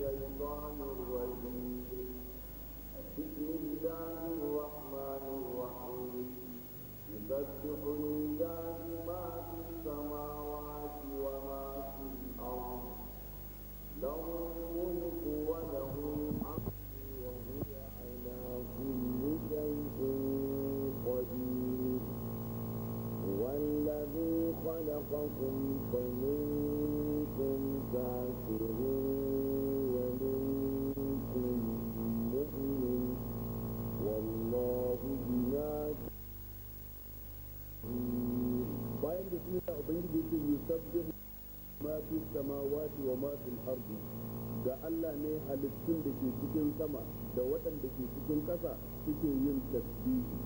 الشيطان الرجيم بسم الله الرحمن الرحيم يسبح لله ما في السماوات وما في الأرض له الملك ubangiji yusabbihu ma fi samawati wa ma fil ardi ga Allah ne halittun da ke cikin sama da waɗanda ke cikin ƙasa suke yin tasbihi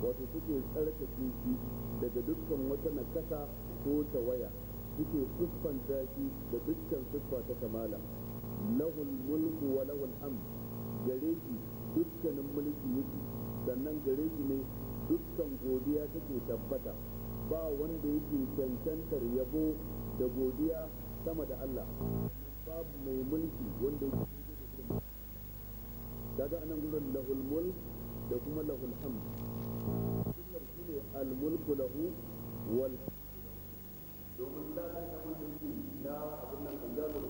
wato suke tsarkake shi daga dukkan wata nakasa ko tawaya suke fuskanta shi da dukkan siffa ta kamala lahul mulku wa lahul amr gare shi dukkanin mulki yake sannan gare shi ne dukkan godiya take tabbata ba wanda yake cancantar yabo da godiya sama da Allah babu mai mulki wanda yake daga anan gurin lahul mulk da kuma lahul hamd sunnar shine al mulku lahu wal domin da ta wanda na abin nan kan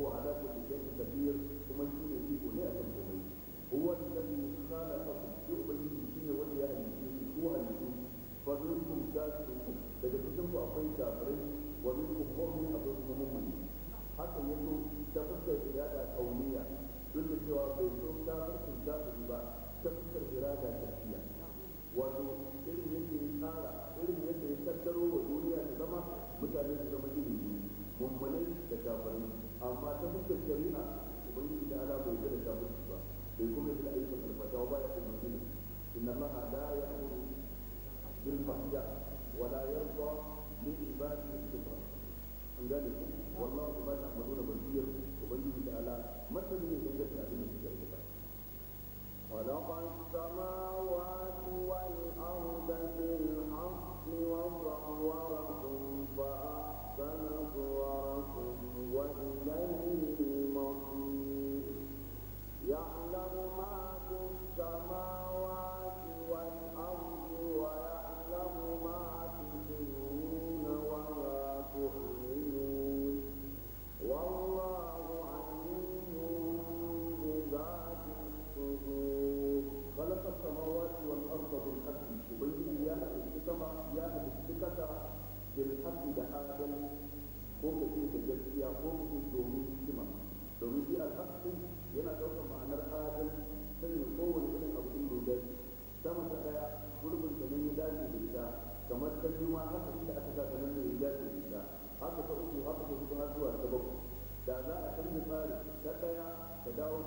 وهو على كل شيء قدير كما شيء يجيب لا تنقضي هو الذي خلقكم يقبل بالدين ولا يجيب هو الذي فمنكم كافر daga cikin ku akwai kafirai wa minkum mu'min akwai kuma mu'min haka yazo ta fuskar yada kauniya duk da cewa bai so ba ta fuskar tafiya wato irin yadda ya tsara irin yadda ya wa duniya ta zama mutane su zama iri mummunai da kafirai amma ta fuskar shari'a ubangiji da ala bai da ta mutu ba bai kuma yi da aikin alfata ba ya kuma gina inna allaha ya ya'muru bil fahiya wa la yarda li ibadi al-kufra an gane ku wallahu ma ta'maluna basir ubangiji da ala matsalin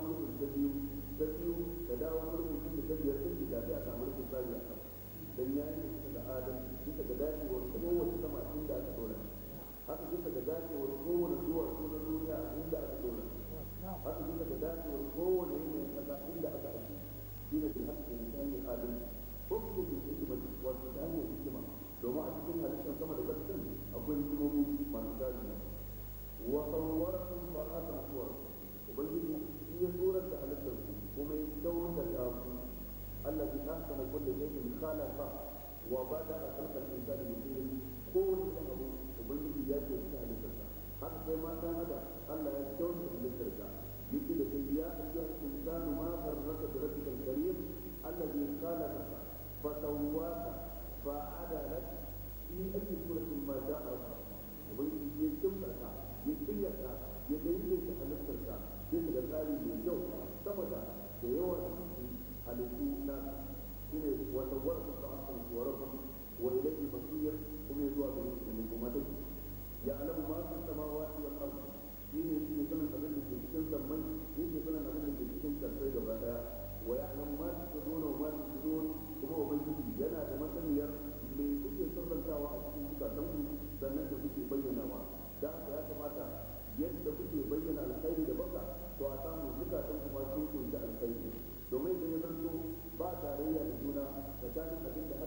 dawo mulkin ta biyu ta biyu ta dawo mulkin da ta biyar da ta a samu rikin tsari a kan dan suka ga adam suka ga dacewar kowace sama inda aka dora haka suka ga dacewar kowane duniya inda aka dora haka suka ga dacewar kowane yanayin kasa inda aka aji shi ne haka ta adam ko kuma ta hanyar hikima domin a cikin halittar sama da ƙarfin akwai hikimomi masu tarihi wa sun ta suwar ubangiji shi ya tsoron da halittar ku kuma ya kyautata ku Allah bi ahsana kulli shay'in khalaqa wa bada'a khalqal insani min tin kowane irin abu ubangiji ya ce ta halittar ka haka sai ma ta mada Allah ya kyautata halittar ka yake da kai ya ayyuhal insanu ma farraka bi rabbikal da alladhi khalaqa fa sawwaka shi adalaka في أي سورة ما جاء ربك sammai yake sanin abin da cikin tarfai gaba daya wa ya'lam ma tusirruna wa ma tusirrun kuma ubangiji yana da masaniyar me kuke sirrantawa a cikin zukatanku sannan da kuke bayyanawa da haka ya kamata yadda kuke bayyana alkhairi da baka to a samu zukatan ma sun da alkhairi domin idan ya zanto ba tarayya da juna tsakanin abin da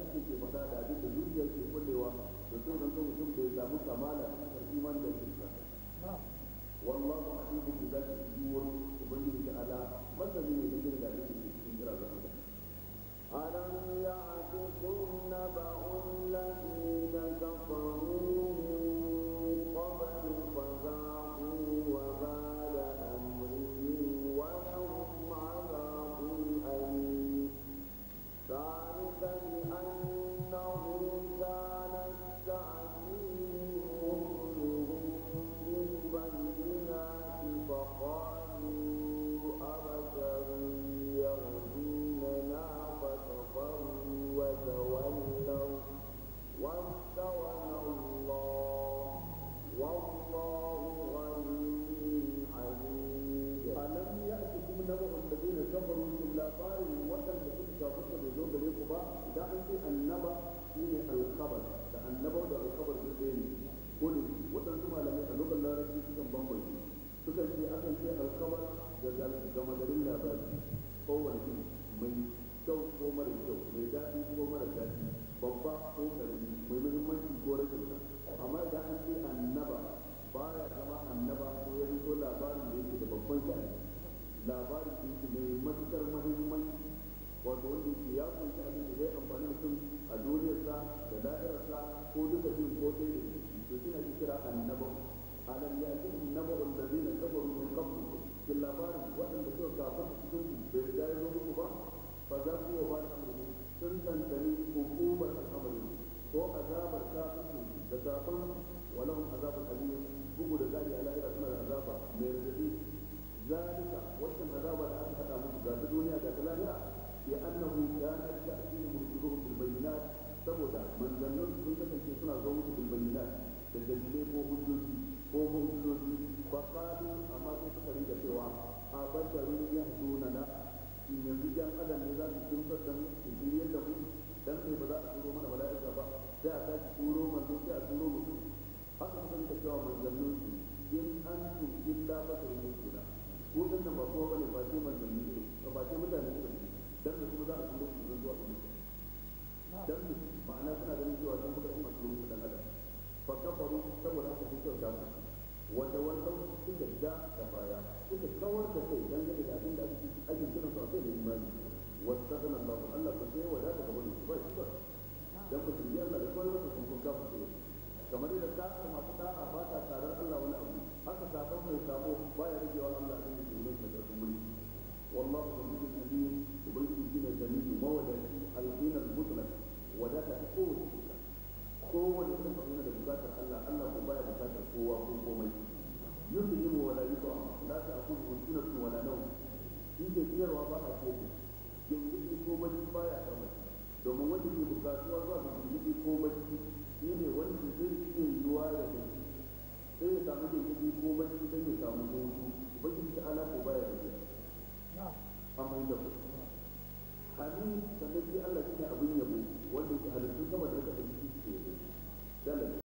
sai alkawar da da garin labari kowane mai kyau ko mara kyau mai daɗi ko mara daɗi babba ko ƙarfi mai muhimmanci ko rashin sa amma da an ce annaba ba ya zama annaba ko ya rito labarin da yake da babban sha'ani labarin da yake mai matuƙar muhimmanci wato wanda yake ya kunshi abin da zai amfani mutum a duniyarsa da da'irarsa ko duka jin ko ɗaya da shi to suna kira annaba alam ya'tikum zai na kaba ruwan qablikum bil labarin waɗanda suka kafirta cikin su bai da ya zo muku ba fa za yi wa ba'da amrin sun tantani hukumar al'amarin ko azabar kafirci da kafin walahum azabar alim bugu da zari ala ira suna da azaba mai rikici zalika wannan azaba da aka hada musu ga duniya ga lahira bi annahu kana ta'tihi rusuhum bil bayyinat saboda manzannin sun kasance suna zo musu bil da dalilai ko hujjoji ko mu'jizoji ba qalu amma sai suka rinka cewa a ya yahduna na in yanzu yan adam ne za su kimsar da mu in kiriyar da mu dan sai ba za a turo mana mala'ika ba sai a sake turo manzo sai a turo mutum haka suka rinka cewa manzannin su in an su illa basharun yahduna ko dan nan ba kowa bane ba sai manzanni ne ba ba ce mutane ne dan da kuma za a turo su zuwa ga mutum dan ma'ana suna ganin cewa sun buƙaci masu rubuta dan adam fa kafaru saboda haka sun kyauta su wata wanda sun ja da da baya suka kawar da kai dangane da abin da ake ake kiran sa kai da imani wasta kana Allah Allah ka sai wadata ga wani ba shi ba dan mutum ya Allah da kawai da kun ka fito kamar da ta kuma ta da'a ba ta tarar Allah wani abu haka ta san mai sabo baya rigewa Allah din da yake da mulki والله سميع عليم وبالتالي